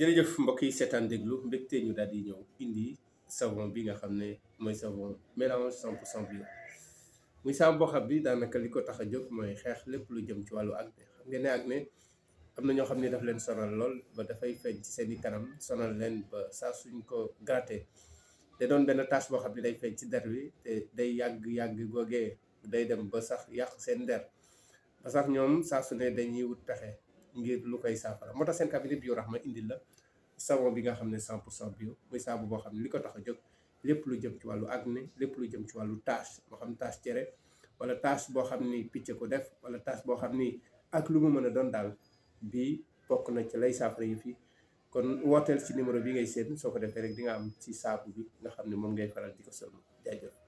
jërëjëf mbokk yi seetaan déglu mbégte ñu daal di ñëw indi savon bi nga xam ne mooy savon mélange 100 pour cent bio muy savon xam bi daanaka li ko tax a jóg mooy xeex lépp lu jëm ci wàllu acné xam ngeen ne acné am na ñoo xam ne daf leen sonal lool ba dafay feeñ ci seen i kanam sonal leen ba saa suñ ko gratté te doon benn tache boo xam bi day feeñ ci der wi te day yàgg yàgg googee day dem ba sax yàq seen der ba sax ñoom saa su ne dañuy wut pexe ngir lu koy saafara moo tax seen cabinet bio rahma indi la savon bi nga xam ne 100 pour cent bio muy saabu boo xam ne li ko tax a jóg lépp lu jëm ci wàllu acné lépp lu jëm ci wàllu tache moo xam ne tache cere wala tache boo xam ni picc ko def wala tache boo xam ni ak lu mu mën a doon daal bii bokk na ci lay saafara yi fii kon wooteel ci numéro bi ngay seet soo ko defee rek di nga am ci saabu bi nga xam ne moom ngay faral di ko sol jaajëf